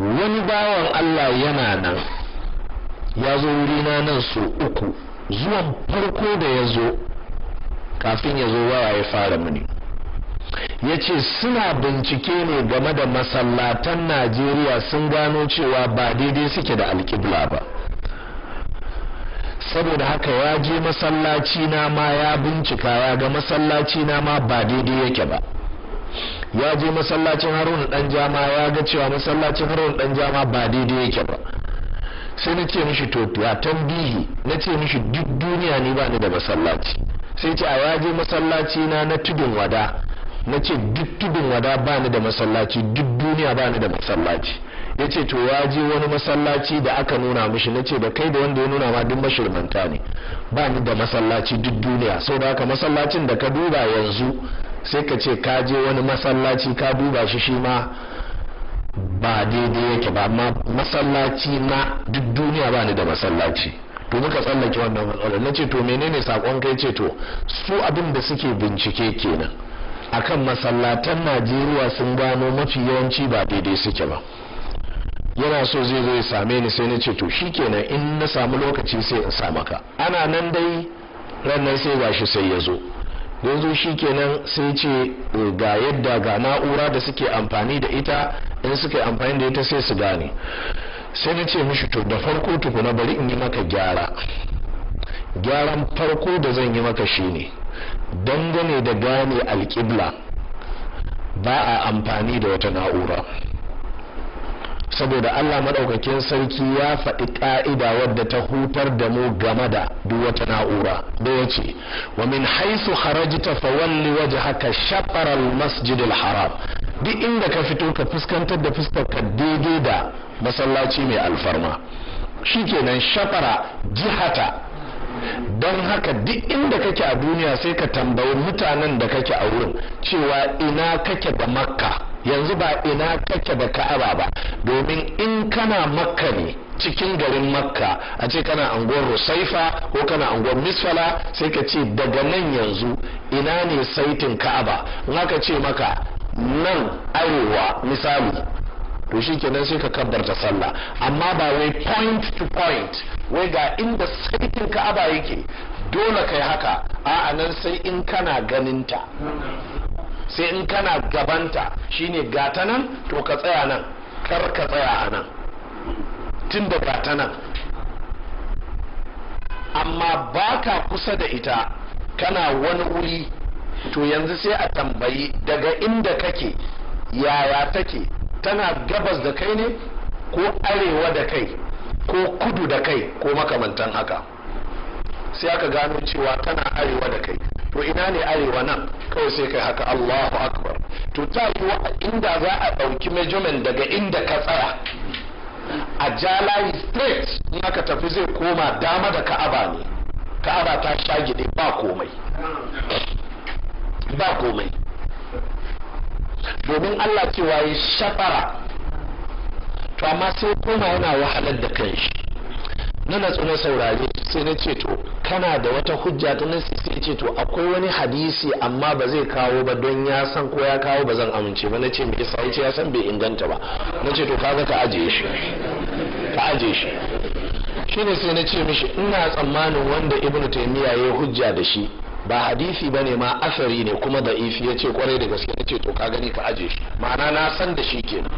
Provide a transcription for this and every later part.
wani bawan Allah yana nan ya zo wurina nan so uku zuwan farko da ya zo kafin ya zo waya ya fara muni ya ce suna bincike ne game da masallatan najeriya sun gano cewa ba daidai suke da alkibla ba saboda haka ya je masallaci na ma ya bincika ya ga masallaci na ma ba daidai yake ba ya je masallacin haruna dan jama ya ga cewa masallacin haruna dan jama ba daidai yake ba sai na ce mishi to ya tambihi na ce mishi duk duniya ne ba ni da masallaci sai ce a ya je masallaci na na tudun wada na ce duk tudun wada ba ni da masallaci duk duniya ba ni da masallaci ya ce to ya je wani masallaci da aka nuna mishi na ce da kai da wanda ya nuna ma duk mashirmanta ne ba ni da masallaci duk duniya sau da haka masallacin da ka duba yanzu sai ka ce ka je wani masallaci ka duba shi shi ma ba daidai yake ba amma masallaci na duk duniya ba ni da masallaci to muka tsallake wannan matsalar na ce to menene sakon kai ce to su abin da suke bincike kenan akan masallatan najeriya sun gano mafi yawanci ba daidai suke ba yana so zai zo ya same ni sai na ce to shi kenan in na samu lokaci sai in sa maka ana nan dai ran nan sai shi sai ya zo yanzu shi kenan sai ce eh, ga yadda ga na'ura da suke amfani da ita in suka yi amfani da ita sai su gane sai na ce mishi to da farko tukuna bari in yi maka gyara gyaran farko da zan yi maka shine dangane da gane alƙibla ba a amfani da wata na'ura saboda Allah maɗaukakin sarki ya faɗi ƙa'ida wadda ta hutar da mu game da duwata na'ura da ya ce wa min haisu harajita fa walli waje haka shafarar masjidil haram duk inda ka fito ka fuskantar da fuskar ka daidai da masallaci mai alfarma shikenan shafara jihata don haka duk inda kake a duniya sai ka tambayi mutanen da kake a wurin cewa ina kake da makka yanzu ba ina kake da ka'aba ba domin in kana makka ne cikin garin makka a ce kana anguwar rusaifa ko kana anguwar misfala sai ka ce daga nan yanzu ina ne saitin ka'aba in aka ce maka nan arewa misali to shi kenan sai ka kabbarta sallah amma ba wai point to point wai ga inda saitin ka'aba yake dole kai haka a'a nan sai in kana ganinta sai in kana gabanta shine gata nan to ka tsaya nan kar ka tsaya a nan tun da gata nan amma ba ka kusa da ita kana wani wuri to yanzu sai a tambayi daga inda kake yaya take tana gabas da kai ne ko arewa da kai ko kudu da kai ko makamantan haka sai aka gano cewa tana arewa da kai to ina ne arewa nan kawai sai kai haka Allahu akbar to ta yiwu inda za a ɗauki measurement daga inda ka tsaya a jalai straight in aka tafi zai koma dama da ka'aba ne ka'aba ta shagide ba komai ba komai domin Allah cewa ya shafara to amma sai koma yana wahalar da kanshi na natsu na saurari sai na ce to kana da wata hujja ta nan sai ce to akwai wani hadisi amma ba zai kawo ba don ya san ko ya kawo ba zan amince ba nace me yasa yace ya san bai inganta ba nace to kaga ka ajiye shi ka ajiye shi shine sai nace mishi ina tsammanin wanda ibnu taymiya yayi hujja da shi ba hadisi bane ma asari ne kuma da ifi ya ce kwarai da gaske nace to ka gani ka ajiye shi ma'ana na san da shi kenan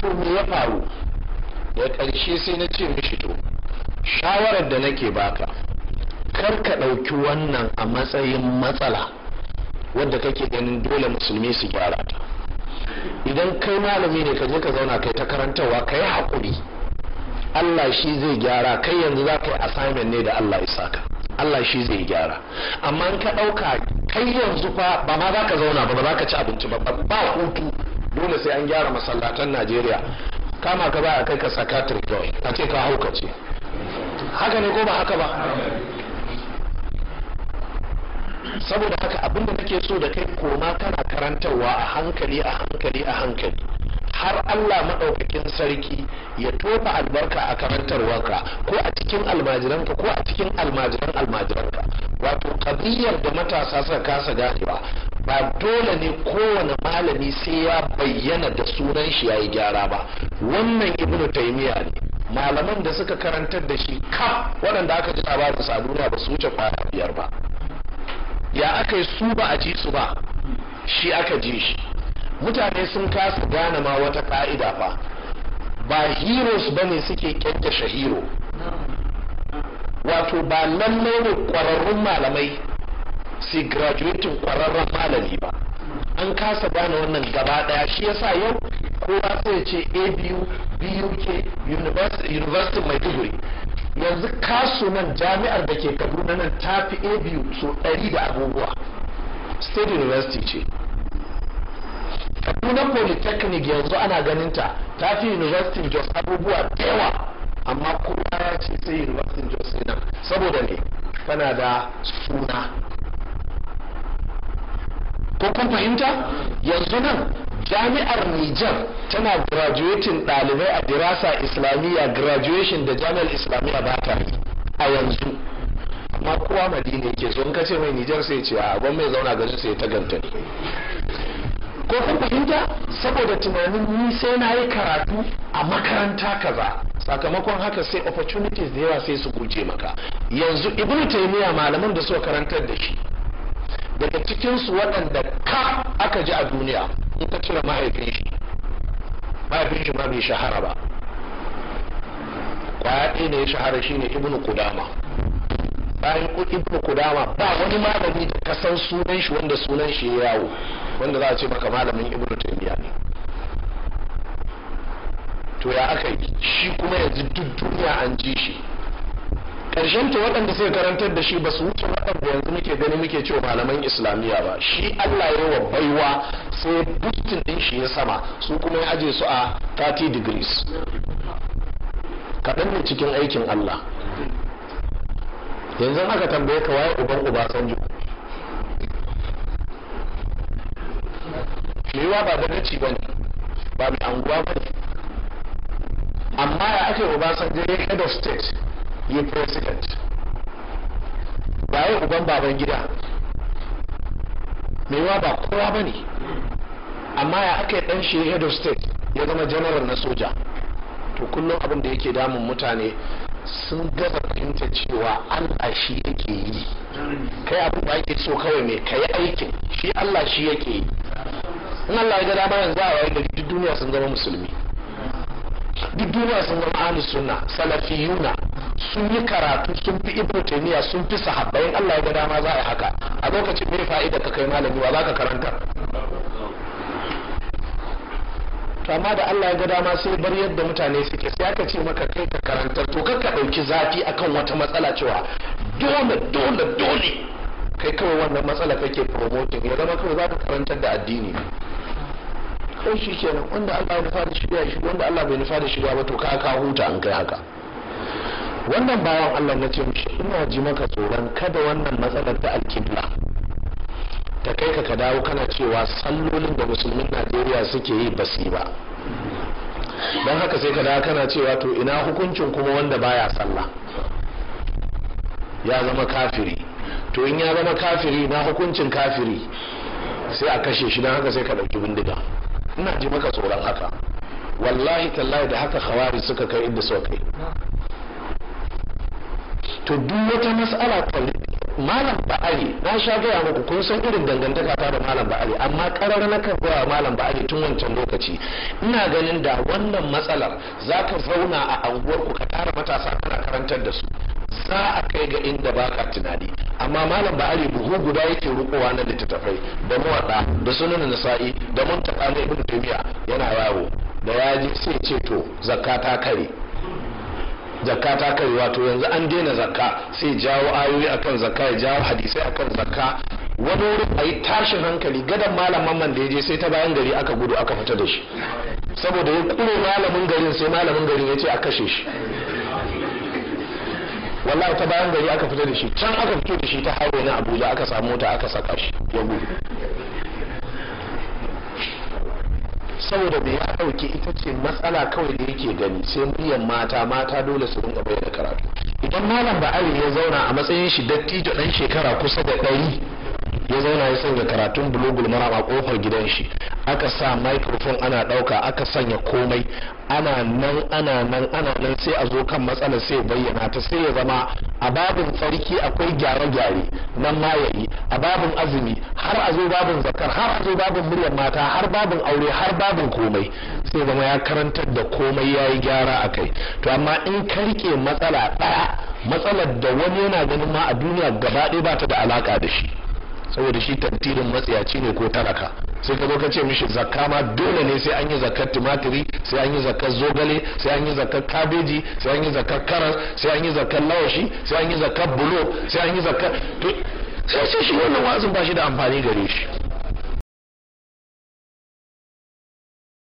to me ya faru da karshe sai nace mishi to shawarar da nake baka kar ka ɗauki wannan a matsayin matsala wadda kake ganin dole musulmi su gyara ta idan kai malami ne ka je ka zauna kai ta karantarwa ka yi haƙuri Allah shi zai gyara kai yanzu za ka yi assignment ne da Allah isa ka Allah shi zai gyara amma in ka ɗauka kai yanzu fa ba ma za ka zauna ba ba za ka ci abinci ba ba hutu dole sai an gyara masallatan Najeriya kama ka ba a kai ka psychiatric kawai a ce ka haukace haka ne ko ba haka ba saboda haka abin da nake so da kai koma kana karantarwa a hankali a hankali a hankali har Allah maɗaukakin sarki ya tofa albarka a karantarwarka ko a cikin almajiranka ko a cikin almajiran almajiranka wato kabiyar da matasa suka kasa ganewa ba dole ne kowane malami sai ya bayyana da sunan shi yayi gyara ba wannan ibnu taymiya ne malaman da suka karantar da shi kaf waɗanda aka ji labarin sa duniya ba su wuce kwaya biyar ba ya aka yi su ba a ji su ba shi aka ji shi mutane sun kasa gane ma wata ka'ida fa ba heroes ba ne suke kyantashe hero wato ba lallai ne kwararrun malamai su graduating kwararren malami ba an kasa gane wannan gaba daya shi yasa yau kowa sai ya ce abu buk university maiduguri yanzu kaso nan jami'ar da ke kaduna nan ta fi abu so ɗari da abubuwa state university ce kaduna polytechnic yanzu ana ganinta ta fi university jos abubuwa da yawa amma kuma ya ce sai university jos nan saboda ne tana da suna ko kun fahimta yanzu nan jami'ar Nijar tana graduatin ɗalibai a dirasa islamiyya graduation da jami'ar islamiyya ba ta a yanzu amma kowa madina yake so in ka ce mai Nijar sai ce a ban mai zauna gaji sai ta ganta ko kun fahimta saboda tunanin ni sai na yi karatu a makaranta kaza sakamakon haka sai opportunities da yawa sai su guje maka yanzu ibnu taymiya malaman da suka karantar da shi daga cikinsu waɗanda ka aka ji a duniya in ka cire mahaifin shi mahaifin shi ma bai shahara ba kwaya ɗaya da ya shahara shine Ibn kudama bayan ko Ibn kudama ba wani malami da ka san sunan shi wanda sunan shi ya yawo wanda za a ce maka malamin Ibn taymiya ne to ya aka yi shi kuma yanzu duk duniya an ji shi karshen ta waɗanda suka karantar da shi ba su wuce waɗanda yanzu muke gani muke cewa malaman islamiyya ba shi Allah ya wa baiwa sai bustin din shi ya sama su kuma ya aje su a 30 degrees kaɗan ne cikin aikin Allah yanzu aka tambaye ka waye uban uba Obasanjo yiwuwa ba gwamnati ba ne ba mai anguwa ba ne amma ya ake san ya head of state ya president waye uban baban gida maiwa ba kowa ba ne amma ya aka yi dan shi head of state ya zama general na soja to kullum abin da yake damun mutane sun gaza fahimta cewa allah shi yake yi kai abin da ake so kawai mai kai aikin shi allah shi yake yi in allah ya ga dama yanzu a waye da duk duniya sun zama musulmi duk duniya sun zama ahlus sunna salafiyuna sun yi karatu sun fi ibnu sun fi sahabbai Allah ya ga dama za a yi haka a lokacin mai fa'ida ka kai malami wa ka karanta to amma da Allah ya ga dama sai bar yadda mutane suke sai aka ce maka kai ka karanta to kar ka dauki zafi akan wata matsala cewa dole dole dole kai kawai wannan matsala kake promoting ya zama kawai za ka karantar da addini kai shi kenan wanda Allah ya nufa da shiga shi wanda Allah bai nufa da shiga ba to ka ka huta an kai haka wannan bayan Allah na ce mishi ina ji maka tsoron kada wannan matsalar ta alkibla ta kai ka ka dawo kana cewa sallolin da musulmin Najeriya suke yi basi ba don haka sai ka dawo kana cewa to ina hukuncin kuma wanda baya sallah ya zama kafiri to in ya zama kafiri na hukuncin kafiri sai a kashe shi don haka sai ka ɗauki bindiga ina ji maka tsoron haka wallahi tallahi da haka khawari suka kai inda suka kai to duk wata mas'ala kwalli malam ba'ali na sha gaya muku kun san irin dangantaka ta da malam ba'ali amma karar na kan gaya malam ba'ali tun wancan lokaci ina ganin da wannan matsalar za ka zauna a anguwar ku ka tara matasa kana karantar da su za a kai ga inda ba ka tunani amma malam ba'ali buhu guda yake rukowa na littattafai da mawaɗa da sunan nasa'i da muntaka na ibn yana yawo da ya ji sai ce to zakka ta kare zakka ta kai wato yanzu an daina zakka sai jawo ayoyi akan zakka ya jawo hadisai akan zakka wani wurin a yi tashin hankali gadon malaman man da ya je sai ta bayan gari aka gudu aka fita da shi saboda ya kure malamin garin sai malamin garin ya ce a kashe shi wallahi ta bayan gari aka fita da shi can aka fito da shi ta hawaye na abuja aka samu mota aka saka shi ya gudu saboda bai ya ɗauke ita ce matsala kawai da yake gani sai muryar mata mata dole su rinka bayyana karatu idan malam ba'ari ya zauna a matsayin shi dattijo ɗan shekara kusa da ɗari ya zauna ya sanya karatun bulugul mara a kofar gidan shi aka sa microphone ana dauka aka sanya komai ana nan ana nan ana nan sai a zo kan matsalar sai bayyana ta sai ya zama a babin tsarki akwai gyare-gyare nan ma yi a babin azumi har a zo babin zakar har a zo babin muryar mata har babin aure har babin komai sai zama ya karantar da komai ya yi gyara a kai to amma in ka rike matsala ɗaya matsalar da wani yana ganin ma a duniya gaba ɗaya ba ta da alaka da shi saboda shi tantirin matsiyaci ne ko talaka sai ka zo ka ce mishi zakka ma dole ne sai an yi zakkar tumatiri sai an yi zakkar zogale sai an yi zakkar kabeji sai an yi zakkar karas sai an yi zakkar lawashi sai an yi zakkar bulo sai an yi zakkar sai sai shi wannan wazin ba shi da amfani gare shi